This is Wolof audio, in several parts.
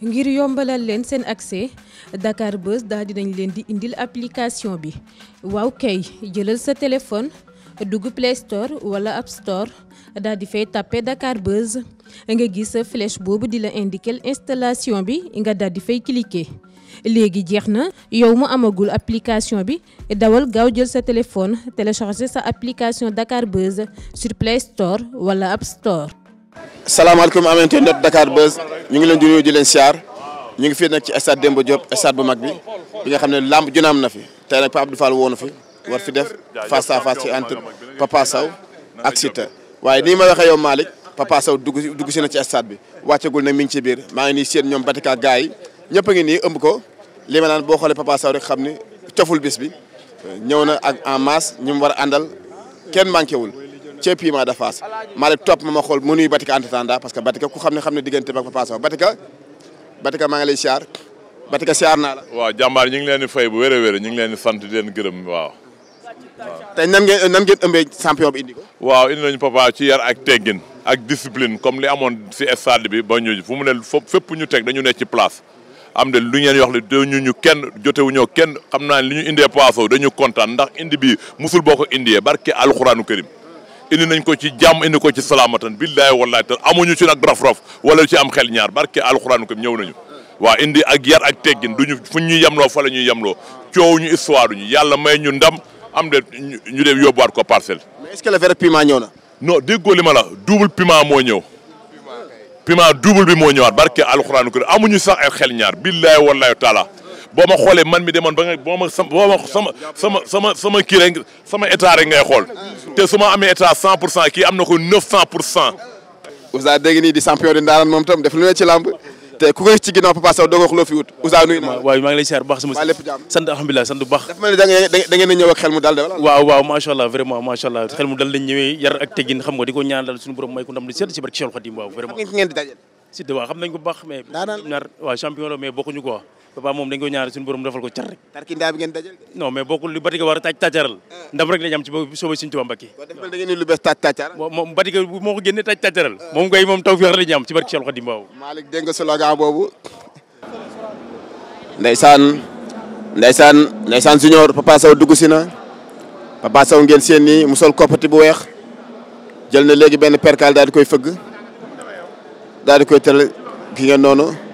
ngir yombalal leen seen accès Dakar Buzz daal dinañ leen di indil application bi waaw kay jëlal sa téléphone dugg Play Store wala App Store daal di fay tàppe Dakar Buzz nga gis sa flèche boobu di la indiquer installation bi nga daal di fay cliquer léegi jeex na yow mu amagul application bi dawal gaaw jël sa téléphone télécharger sa application Dakar Buzz sur Play Store wala App Store. salaamaaleykum amante net Dakar Buzz ñu ngi leen di nuyu leen siyaar ñu ngi fii nag ci stade Demba Diop stade bu mag bi bi nga xam ne làmb junaam na fi tey nag Pape Abdou Fall woonu fi war fi def face à face ci entre Papa Sow ak Siteu waaye nii ma waxee yow Malick Papa saw dugg dugg si na ci stade bi wàccagul nag mi ngi ci biir maa ngi nii seen ñoom Batika gaay yi ñëpp ngi nii ëmb ko li ma naan boo xoolee Papa saw rek xam ni coful bis bi ñëw na ak en masse ñoom war a àndal kenn manqué wul. piiment de Fass Malick topp ma ma xool mu nuyu Batika entretanda parce que Batika ku xam ne diggante ba Papa Sow Batika Batika lay siyaar Batika siyaar naa la waaw jàmbaar ñu ngi leen di fay bu wér a wér ñu ngi leen di sant di leen gërëm waaw tey nan ngeen nan ngeen ëmbee champion bi indi ko waaw indi nañu Papa ci yar ak teggin ak discipline comme li amoon si stade bi ba ñu fu mu ne fépp ñu teg dañu ne ci place am de lu ngeen wax li dañu ñu kenn jotewu ñoo kenn xam naa li ñu indee Papa Sow dañu kontaan ndax indi bi musul boo ko indiyee barke alxuraanu karim indi nañ ko ci jàmm indi ko ci salaamatan billaahi wallaahi te amuñu ci nag raf-raf wala ci am xel ñaar barke alxuraan ko ñëw nañu waa indi ak yar ak teggin duñu fuñ ñu yemloo fa la ñuy yemloo coow ñu histoire ñu yàlla may ñu ndam am de ñu dem yóbbuwaat ko parcelle. mais est-ce que le vrai ñëw na. non déggoo li ma la piment moo ñëw. piment double bi moo ñëwaat barke alxuraan ko amuñu sax ay xel ñaar billaahi wallaahi taala boo ma xoolee man mi demoon ba nga boo ma sama boo ma sama sama sama sama kii rek sama état rek ngay xool te su ma amee état 100 pour cent kii am na ko 900 pour cent. Ouza dégg di champion di ndaaraan moom tam def lu ne ci làmb te ku koy ci ginnaaw waaw maa ngi baax sama lépp a ñëw ak xel mu dal vraiment macha allah xel mu dal lañ ñëwee yar ak teggin xam nga di ko ñaan dal suñu borom may ko ndam di si barke Cheikh Khadim waaw waaw xam nañ ko baax mais champion la mais bokkuñu quoi papa moom dañ ko ñaari suñu borom defal ko car rek tarkindaa bi ngeen dajal non mais bokkul li Batika war a taaj taajaral ah. ndam rek lañ am ci boobu soobee suñu Tuubaa Mbàkke kon moo ko ah. moom kay moom tawfeex lañ am ci barke Cheikh Khadim Baaw Malick dégg nga slogan boobu ndeysaan ndeysaan junior Papa Sow dugg si na Papa Sow ngeen seen nii mu sol koppati bu weex jël na léegi benn perkaal daal di koy fëgg daal di koy tëral ki ngeen noonu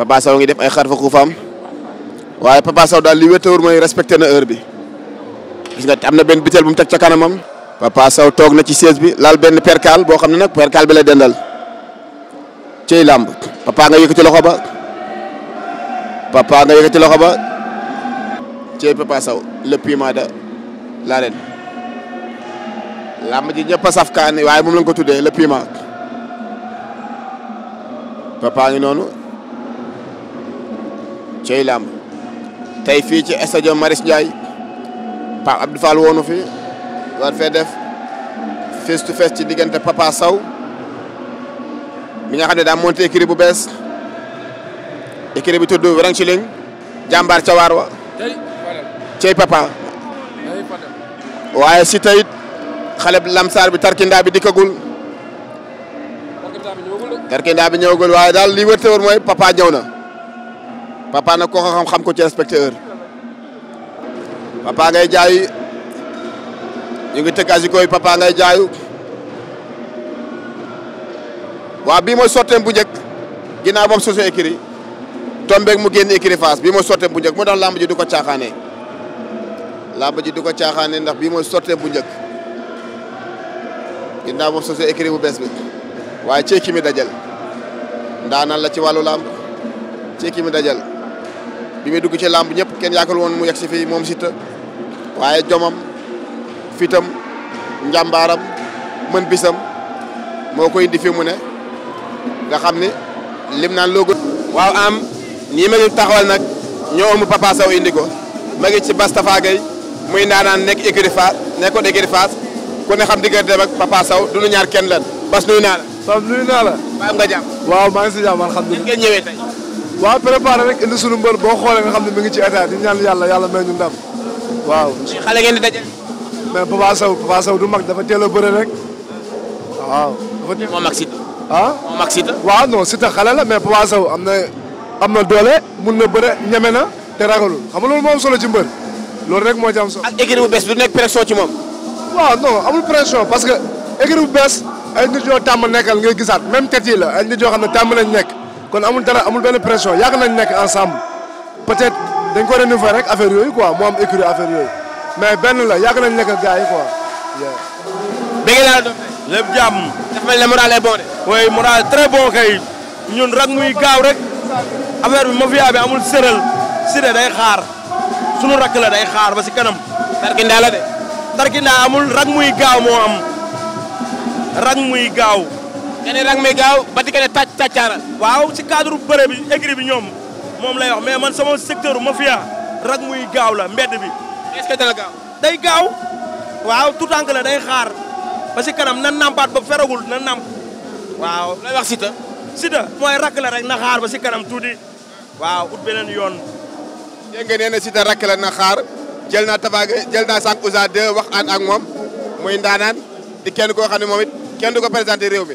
Papa Sow ngi def ay xarfa xuufaam waaye Papa Sow daal li wétawur mooy respecté na heure bi gis am na benn bitel bu mu teg ca kanamam. Papa Sow toog na ci siège bi laal benn percal boo xam ne nag percal bi la dendal cey làmb papa nga yëkkati loxo ba papa nga yëkkati loxo ba cey Papa Sow le piment ji ñëpp a saf kaani waaye moom lañ ko tuddee le papa ngi noonu. cey làmb tey fii ci stade Marius Ndiaye Pape Abdou Fall woonu fi war fee def face to face ci diggante Papa saw mi nga xam ne daa monté écurie bu bees écurie bi tudd Wereng Siling jàmbaar ca waar wa cey Papa waaye si tey xale bi lamsaar bi tarkindaa bi dikkagul tarkindaa bi ñëwagul waaye daal li wër te Papa ñëw na papa nag koo xam xam ko ci inspecteur papa ngay jaay ñu ngi tëkk asiko yi jaay waa jaayu bii mooy sotteem bu njëkk ginnaaw boobu soso écrit tombeeg mu génn écrit face bii mooy sotteem bu njëkk moo tax làmb ji du ko caaxaanee làmb ji du ko caaxaanee ndax bii mooy sotteem bu njëkk ginnaaw boobu soso écrit bu bees bi waaye ceeki mi dajal ndaanaan la ci wàllu làmb ceeki mi dajal bi muy dugg ci làmb ñëpp kenn yaakaar woon mu yegg si fii moom Siteu waaye jomam fitam njàmbaaram mën bisam moo koy indi mu ne nga xam ni lim naan loo gën waaw am nii ma ngi taxawal nag ñoo ëmb Papa saw indi ko ma ngi ci Bastafa Gueye muy naan nekk écurie Fass nekkoon écurie Fass ku ne xam diggante ak Papa saw du nu ñaar kenn leen bas nuyu naa la. Sam nuyu naa la. maa nga jàmm. waaw maa si jàmm alhamdulilah ngeen ñëwee tey. waaw préparé rek indi sunu mbër boo xoolee nga xam ne mu ngi ci état di ñaan yàlla yàlla may ñu ndam waaw. xale ngeen di dajal. mais Papa du mag dafa teel a bëre rek waaw. dafa teel moo mag Siteu. ah moo mag Siteu. waaw non Siteu xale la mais Papa Sow am na am na doole mun na bëre ñeme na te ragalul xam nga loolu moo solo ci mbër loolu rek moo ci am solo. ak écurie bu bees bi du nekk pression ci moom. waaw non amul pression parce que écurie bu bees ay nit yoo tàmm nekkal ngay gisaat même tet yi la xam ne tàmm nañ nekk. kon amul dara amul benn pression yàgg nañ nekk ensemble peut-être dañ ko renouveler rek affaire yooyu quoi mu am écurie affaire yooyu mais benn la yàgg nañ nekk gars yi quoi. dégg naa la lépp jàmm. dafa mel ne moral est bon de. oui moral très bon kay ñun rag muy gaaw rek affaire bi mafia bi amul sëral si day xaar sunu rakk la day xaar ba si kanam. tarkindaa la de. tarkindaa amul rag muy gaaw moo am rag muy gaaw. nga ne rang gaaw ba di ko ne tàcc tàccaara waaw si cadre bëre bi écrit ñoom moom lay wax mais man sama secteur mafia rang muy gaaw la mbedd bi. est-ce day gaaw waaw tout tànk la day xaar ba si kanam nan nampaat ba feragul nan namp waaw lay wax sita sita mooy rakk la rek na xaar ba si kanam tuuti waaw ut beneen yoon. dégg nga nee na sita rakk la na xaar jël naa tabaage jël sànq usa deux wax aan ak moom muy ndaanaan di kenn koo xam ne moom it kenn du ko réew mi.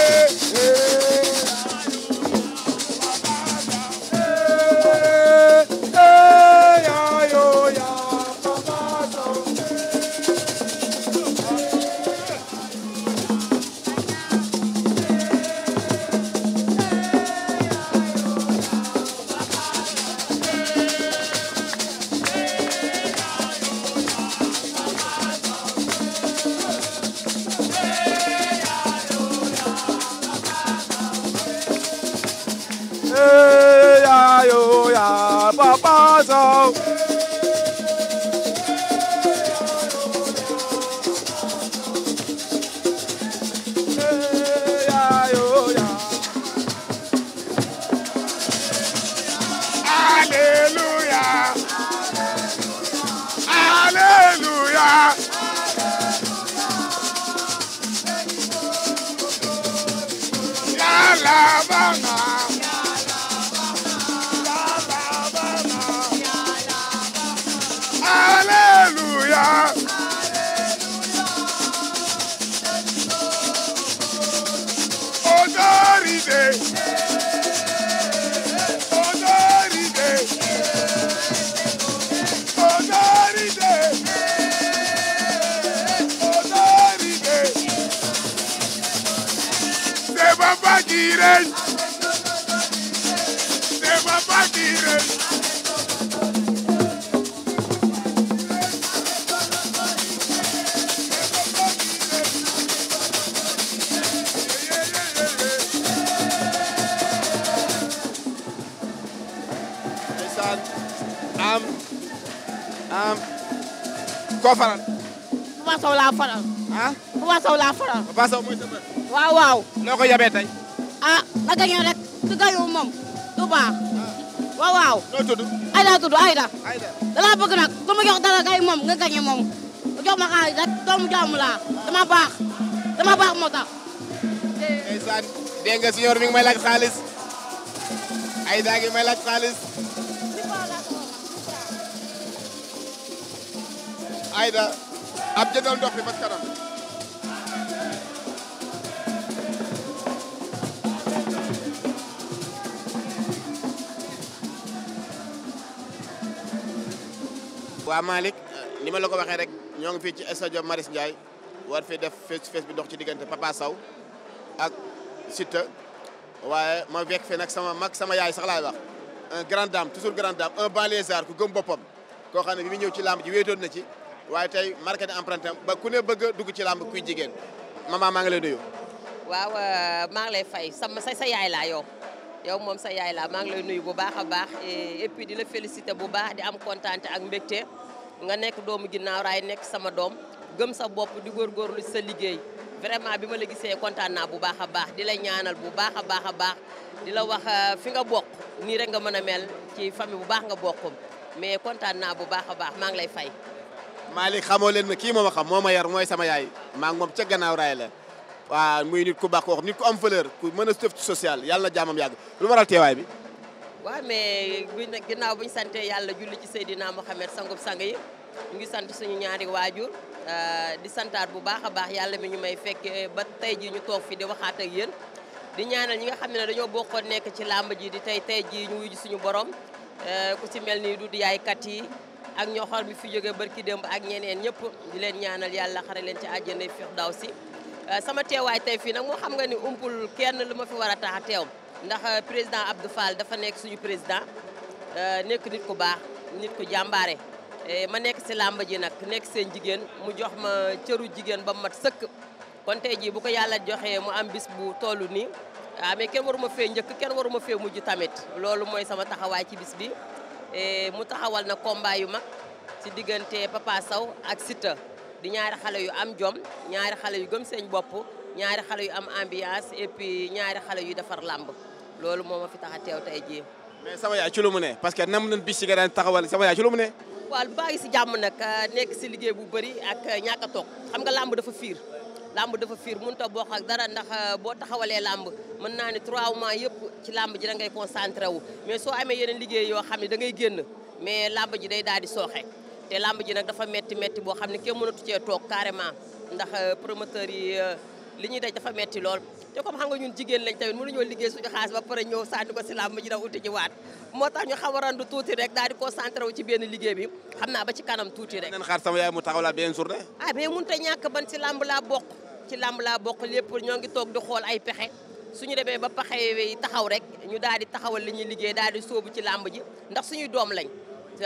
ren Demba Fati ren am am koo faral Papa Sow laa faral ah Papa Sow laa faral Papa Sow mooy sa waaw waaw loo ko yabee tey ah la gañe rek moom du baax ah. waaw waaw noo tudd Ayda tudd bëgg nag ku ma jox dara moom nga gañe moom jox ma xaalis rek doomu jaamu laa dama baax dama baax moo tax ndeysaan dégg nga siñoor mi ngi may laaj xaalis Ayda ngi may laaj xaalis Ayda ab jëndal ndox bi ba kanam waa Malick ni ma la ko waxee rek ñoo ngi fii ci stade maris Ndiaye war fi def face to face bi dox ci diggante Papa saw ak Siteu waaye ma fekk fi nag sama mag sama yaay sax laay wax grand grande dame toujours grande dame un banlieusard ku gëm boppam koo xam ne bi muy ñëw ci làmb ji wéetoon na ci waaye tey marqué na empreinte ba ku ne bëgg a dugg ci làmb kuy jigéen maman maa ngi lay nuyu. waaw euh, maa lay fay sama sa sa yaay laa yow. yow moom sa yaay laa maa ngi lay nuyu bu baax a baax et puis di la féliciter bu baax di am kontaante ak mbégte nga nekk doomu ginnaaw raay nekk sama doom gëm sa bopp di góorgóorlu sa liggéey vraiment bi ma la gisee kontaan naa bu baax a baax di la ñaanal bu baax a baax a baax di la wax euh, fi nga bokk nii rek nga mën a mel ci famille bu baax nga bokkum mais kontaan naa bu baax a baax maa ngi lay fay. maa Malick xamoo leen ma kii moom a xam moo ma yar mooy sama yaay maa ca gannaaw raay la. waaw muy nit ku baax wax nit ku am valeur ku mën a def ci social yàlla na jaamam yàgg lu waral teewaay bi. waaw mais buñ nag ginnaaw buñ sante yàlla julli ci Seydina Mohamed sangub sang yi ñu ngi sant suñu ñaari waajur euh, di santaat bu baax a baax yàlla mi ñu may fekkee euh, ba tey ji ñu toog fi di waxaat ak yéen di ñaanal ñi nga xam ne dañoo bokkoon nekk ci làmb ji di tey tey ji ñu wuyu suñu borom euh, ku si mel ni du yaay kat yi ak ñoo xool mi fi jóge barki démb ak ñeneen ñëpp di leen ñaanal yàlla xare leen ci àjjana Firdawsi Euh, sama teewaay tey fii nag moo xam nga ni umpul kenn lu ma fi war a tax a teew ndax euh, président Abdou Fall dafa nekk suñu président euh, nekk nit ku baax nit ku jàmbaare ma nekk si làmb ji nag nekk seen jigéen mu jox ma cëru jigéen ba mu mat sëkk kon te jii bu ko yàlla joxee mu am bis bu tollu nii waaw ah, mais kenn waruma fee njëkk kenn waruma fee mujj tamit loolu mooy sama taxawaay ci bis bi mu taxawal na combat yu mag si diggante Papa Sow ak Siteu di ñaari xale yu am jom ñaari xale yu gëm seen bopp ñaari xale yu am ambiance et ñaari xale yu defar làmb loolu moo ma fi tax a teew tey jii. mais sama yaay ci lu mu ne parce que nam nañ bis si nga daan taxawal sama yaay ci lu mu ne. si jàmm nag euh, nekk si liggéey bu bëri ak euh, ñàkk a toog xam nga làmb dafa fiir làmb dafa fiir mënut a bokk ak dara ndax euh, boo taxawalee làmb mën naa ne 3 mois yëpp ci làmb ji da ngay concentré wu mais soo amee yeneen liggéey yoo xam ne da ngay génn mais làmb ji day daal di sooxe. te làmb ji nag dafa metti metti boo xam ne kenn mënatu cee toog carrément ndax euh, promoteur yi euh, li ñuy daj dafa metti lool te comme xam nga ñun jigéen lañ tamit mënuñoo liggéey suñu xaalis ba pare ñëw sànni ko si làmb ji waat moo tax ñu xaw a tuuti rek daal di wu ci benn liggéey bi xam naa ba ci kanam tuuti rek nañ xaar sama yaay mu taxaw laa benn journée a si làmb laa bokk ci làmb laa bokk ñoo ngi toog di xool ay pexe suñu demee ba paxe taxaw rek ñu daal di taxawal li ñuy liggéey daal di sóobu ci làmb ji ndax suñuy doom lañ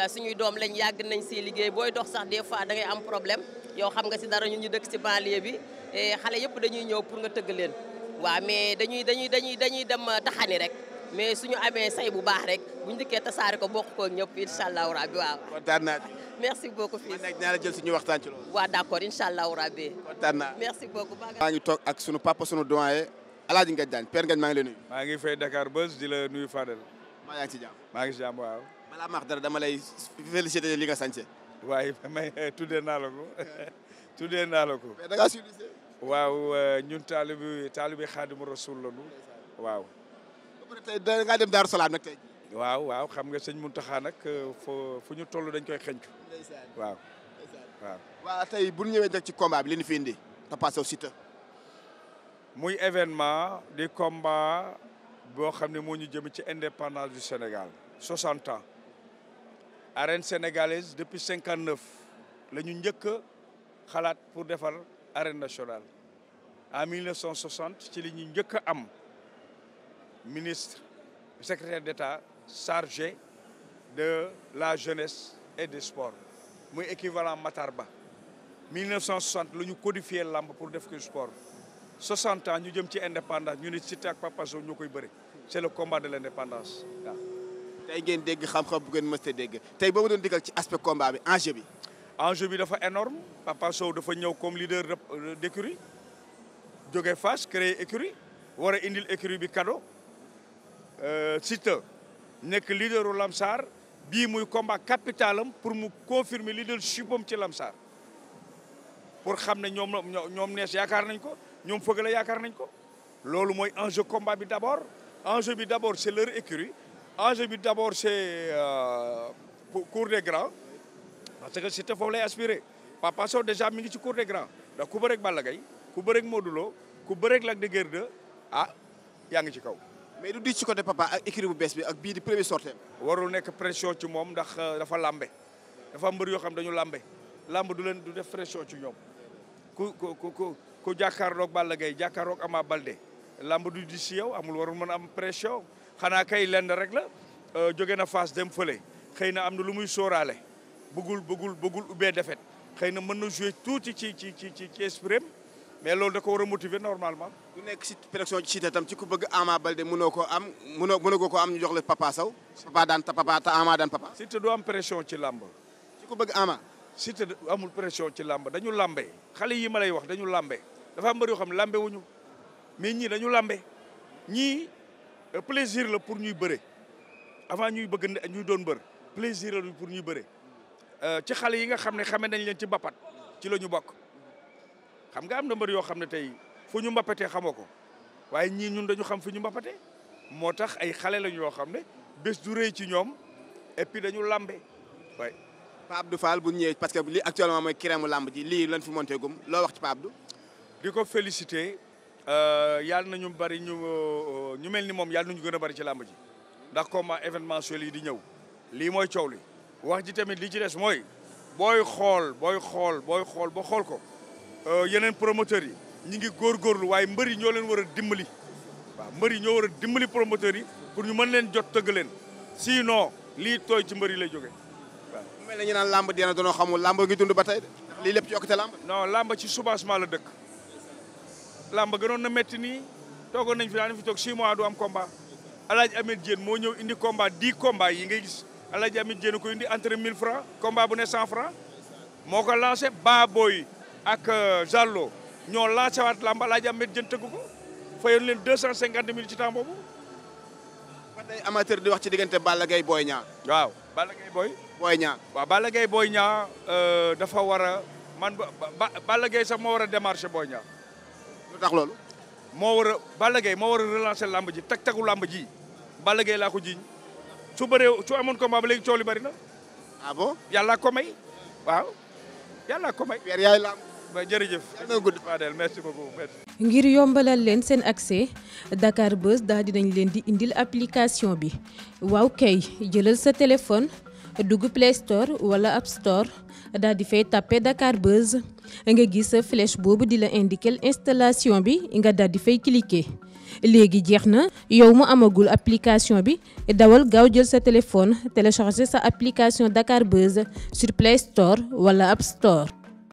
suñuy doom lañ yàgg nañ si liggéey booy dox sax des fois da ngay am problème yow xam nga si dara ñun ñu dëkk si banlieue bi eh, xale yëpp dañuy ñëw pour nga tëgg leen waaw mais dañuy dañuy dañuy dañuy dem taxani rek mais ñu amee say bu baax rek buñu dikkee tasaare ko bokk koog ñëpp incha allahu rabbi waaw. kontaan naa merci beaucoup fii man nag naa la jël waxtaan ci loolu. waaw d' accord incha allahu rabbi. kontaan naa merci beaucoup. maa ngi toog ak sunu papa sunu doyen El Hadj Ngagne Diagne père Ngagne maa ngi lay balaa maax dara dama lay félicité li nga sañse waaye may tuddee naa la ko tuddee naa ko. waaw euh, ñun taalibi taalibi xaadimu rasul la ñu waaw. ba pare tey da ngaa dem Daaru Salaam nag tey. waaw waaw xam nga sëñ Muntaxa nag euh, foo fu ñu toll dañ koy xëñcu. waaw waaw. waaw tey bu ñu ñëwee nag ci combat bi fi indi Papa Sow Siteu. muy événement di combat boo xam ne moo ñu jëm ci indépendance du Sénégal 60 ans. arène sénégalaise depuis cinquante neuf la ñu njëkk a xalaat pour defar arène nationale en 1960 ci li ñu njëkk am ministre secrétaire d'État chargé de la jeunesse et des sports muy équivalent Matar Ba 1960 lu ñu codifié lamb pour def ko sport 60 ans ñu jëm ci indépendance ñu ne Cité ak Papa Sow ñoo koy bëri c'est le combat de l'indépendance tey ngeen dégg xam bu ngeen mës dégg tey boo ma doon digal ci aspect combat bi enjeu bi. enjeu bi dafa énorme Papa Sow dafa ñëw comme leader d'écurie joge Fass créer écurie war a indil écurie bi cadeau euh, Siteu nekk leaderu Lamsar bii muy combat capital pour mu confirmer leadership am ci Lamsar pour xam ne ñoom ñoom nees yaakaar nañ ko ñoom fëgg la yaakaar nañ ko loolu mooy enjeu combat bi d'abord enjeu bi d'abord c'est leur écurie enjeu bi d' abord c' est euh, cour des parce que Siteu foofu lay aspiré Papa Sow déjà mi ngi ci cour des grands ku bëreeg Balla Gaye ku bëreeg Modou ku bëreek Lac de Guiers 2 ah yaa ngi ci kaw. mais du diis ci côté papa ak bu bees bi ak bii di premier sortie warul nekk pression ci moom ndax euh, dafa lambe dafa mbër yoo xam dañu lambe làmb du leen du def pression ci ñoom ku ku ku ku jàkkaarloog Balla Gaye jàkkaarloog Ama Baldé làmb du diis ci amul warul mën am pression. xanaa kay lend rek la euh, jóge na Fass dem fële xëy na am na lu muy sóoraale bëggul bëggul bëggul ubbee defet xëy na mën na joué tuuti ci ci ci ci ci mais loolu da ko war a motiver normalement. du nekk si pression ci tam ci ku bëgg Ama Baldé mënoo ko am mënoo mënoo ko am ñu jox la Papa Sow. Papa daan Papa te Ama daan Papa. Siteu du am pression ci làmb. ci ku bëgg Ama. Siteu amul pression ci làmb dañu làmbe xale yi ma lay wax dañu làmbe dafa am mbër yoo xam làmbe wuñu mais ñii dañu làmbe ñii. Euh, plaisir la pour ñuy bëre avant ñuy bëgg ñuy doon bër plaisir la pour ñuy bëre euh, ci xale yi nga xam ne xame nañ leen ci mbapat ci la ñu bokk xam nga am na mbër yoo xam ne tey fu ñu mbapatee xamoo ko waaye ñii ñun dañu xam fu ñu mbapatee moo tax ay xale lañ yoo xam ne bés du rëy ci ñoom et puis dañu lambe waay Pape Abdou Fall bu ñëwee parce que li actuellement mooy crème lamb ji lii lañ fi monté loo wax ci Pape du di ko féliciter Euh, yàlla na ñu bari ñu euh, ñu mel ni moom yàlla nañu gën a bari ci làmb ji ndax combat événementiel yi di ñëw lii mooy coow li wax ji tamit li ci des mooy booy xool booy xool booy xool ba xool ko euh, yeneen promoteurs yi ñi ngi góorgóorlu waaye mbër yi ñoo leen war a dimbali waaw yi ñoo war a dimbali promoteurs yi pour ñu mën leen jot tëgg leen sinon lii tooy ci mbër yi lay jóge waaw. mel na ñu naan làmb dina doonoo xamul làmb ngi dund ba tey de lii lépp ci yokkute làmb. non ci soubassement la dëkk. làmb gënoon na métti nii toogoon nañ fi daan fi toog 6 mois du am combat Alaaji Amet Diène moo ñëw indi combat 10 combat yi ngay gis Alaaji Amet Diène ko indi entre mil francs combat bu ne 100 francs moo ko lancé Baboy ak euh, Jallo ñoo lancé waat làmb Alaaji Amet Diène tëgg ko fayoon leen 250 000 ci temps boobu. ba tey amateur di wax ci diggante Balla Gaye Boy Niang. waaw Balla Gaye Boy. ñaa Niang waaw Balla Gaye Boy Niang euh, dafa war a man ba Balla Gaye sax moo war a démarché Boy ñaa lu tax loolu. moo war a Balla moo war a relancer làmb ji tag tagu làmb ji Balla Gaye laa ko jiiñ su bëree su amoon combat ba léegi coow li bari na. Ah yàlla ko may waaw yàlla ko ba jërëjëf merci beaucoup ngir yombalal leen seen akse Dakar Buzz daldi dinañ leen di indil application bi waaw kay jëlal sa téléphone. dugg Play Store wala App Store daal di fay tàppe Dakar Buzz nga gis flèche boobu di la indiquer installation bi nga dal di fay cliquer léegi jeex na yow mu amagul application bi dawal gaaw jël sa téléphone télécharger sa application Dakar Buzz sur Play Store wala App Store.